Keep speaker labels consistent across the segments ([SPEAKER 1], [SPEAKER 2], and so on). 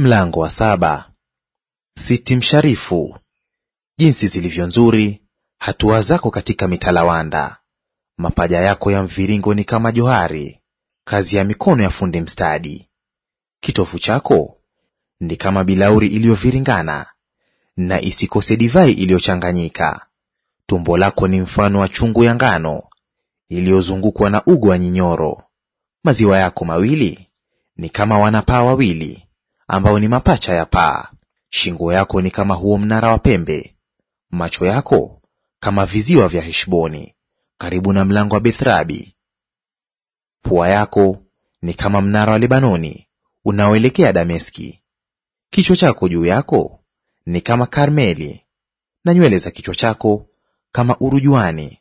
[SPEAKER 1] Mlango wa saba. Siti msharifu, jinsi zilivyo nzuri hatua zako katika mitalawanda! Mapaja yako ya mviringo ni kama johari, kazi ya mikono ya fundi mstadi. Kitovu chako ni kama bilauri iliyoviringana, na isikose divai iliyochanganyika. Tumbo lako ni mfano wa chungu ya ngano iliyozungukwa na ugo wa nyinyoro. Maziwa yako mawili ni kama wanapaa wawili ambao ni mapacha ya paa. Shingo yako ni kama huo mnara wa pembe, macho yako kama viziwa vya Heshboni karibu na mlango wa Bethrabi. Pua yako ni kama mnara wa Lebanoni unaoelekea Dameski. Kichwa chako juu yako ni kama Karmeli, na nywele za kichwa chako kama urujuani.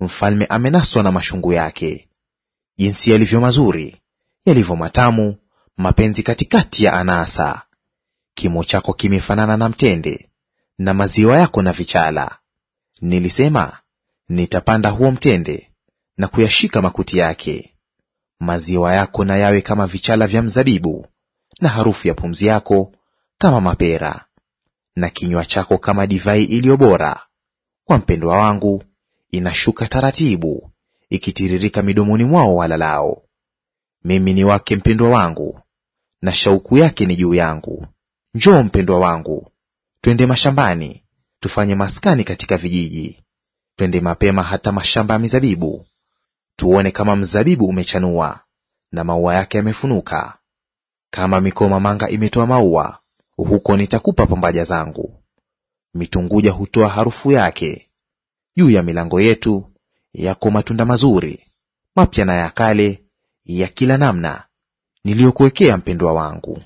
[SPEAKER 1] Mfalme amenaswa na mashungu yake. Jinsi yalivyo mazuri, yalivyo matamu mapenzi katikati ya anasa. Kimo chako kimefanana na mtende, na maziwa yako na vichala. Nilisema, nitapanda huo mtende na kuyashika makuti yake. Maziwa yako na yawe kama vichala vya mzabibu, na harufu ya pumzi yako kama mapera, na kinywa chako kama divai iliyo bora. Kwa mpendwa wangu inashuka taratibu, ikitiririka midomoni mwao walalao. Mimi ni wake mpendwa wangu, na shauku yake ni juu yangu. Njoo mpendwa wangu, twende mashambani, tufanye maskani katika vijiji. Twende mapema hata mashamba ya mizabibu, tuone kama mzabibu umechanua na maua yake yamefunuka, kama manga imetoa maua, huko nitakupa pambaja zangu. Mitunguja hutoa harufu yake. Juu ya milango yetu yako matunda mazuri, mapya na ya kale, ya kila namna niliyokuwekea mpendwa wangu.